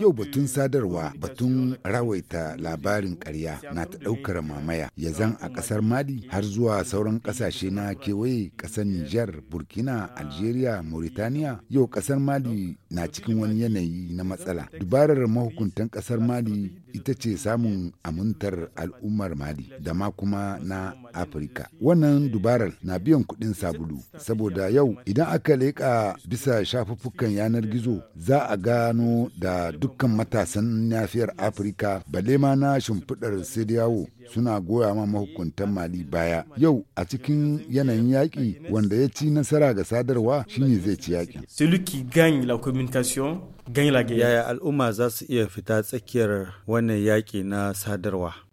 Yau batun sadarwa batun rawaita labarin karya na ta ɗaukar mamaya ya zan a ƙasar Mali har zuwa sauran ƙasashe na kewaye ƙasar Nijar, Burkina, Algeria, Mauritania. Yau ƙasar Mali na cikin wani yanayi na matsala. Dubarar mahukuntan ƙasar Mali ita ce samun amintar al'ummar Mali da ma kuma na Afirka. Wannan dubarar na biyan kuɗin sabulu saboda yau idan aka leƙa bisa shafuffukan yanar gizo za a gano da dukkan matasan nafiyar afirka balle ma na shimfiɗar sidiyawo suna goya ma mahukuntan mali baya yau a cikin yanayin yaƙi wanda ya ci nasara ga sadarwa shine zai ci yaƙi. yaya al'umma za su iya fita tsakiyar wannan yaƙi na sadarwa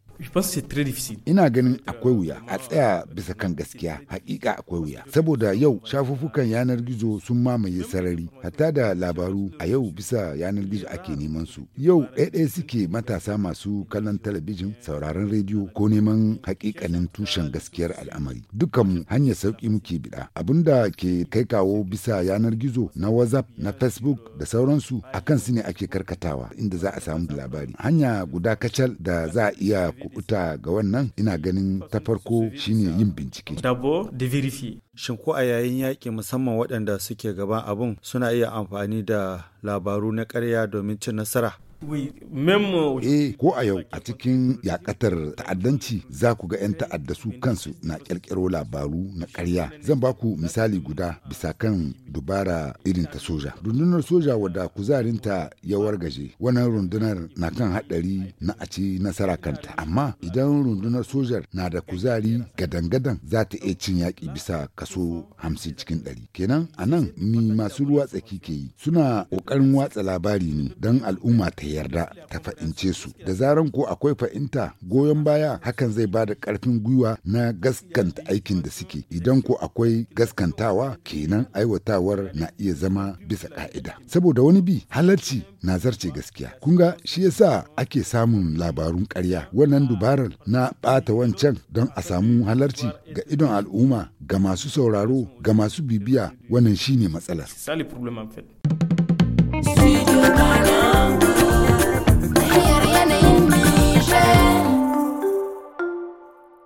Ina ganin akwai wuya a tsaya bisa kan gaskiya hakika akwai wuya saboda yau shafuffukan yanar gizo sun mamaye sarari hatta da labaru a yau bisa yanar gizo ake neman su yau ɗaya ɗaya suke matasa masu kallon talabijin sauraron rediyo ko neman hakikanin tushen gaskiyar al'amari dukan hanyar sauki muke biɗa da ke kai kawo bisa yanar gizo na whatsapp na facebook da sauransu akan su ne ake karkatawa inda za a samu labari hanya guda kacal da za a iya uta ga wannan ina ganin ta farko shine yin bincike. Shin ko a yayin yaƙi musamman waɗanda suke gaban abun suna iya amfani da labaru na ƙarya domin cin nasara? Euh, eh ko a yau a cikin yakatar ta'addanci za ku ga 'yan ta'adda su kansu na ƙirƙiro labaru na karya. Zan ba ku misali guda bisa kan dubara irin ta soja. Rundunar soja wadda kuzarinta ya wargaje wannan rundunar na kan haɗari na a ci nasara kanta. Amma idan rundunar sojar na da kuzari gadan-gadan za ta iya cin yaƙi bisa kaso hamsin cikin ɗari. Kenan a nan mi masu ruwa tsaki ke yi suna ƙoƙarin watsa labari ne don al'umma ta yarda ta fa'ince su da zaran ko akwai fa'inta goyon baya hakan zai ba da ƙarfin gwiwa na gaskanta aikin da suke idan ko akwai gaskantawa kenan aiwatawar na iya zama bisa ka'ida saboda wani bi halarci na zarce gaskiya kun ga shi yasa ake samun labarun karya wannan dubarar na ɓata wancan don a samu halarci ga idon al'umma ga masu sauraro ga masu bibiya wannan shine matsalar. Studio Ghana.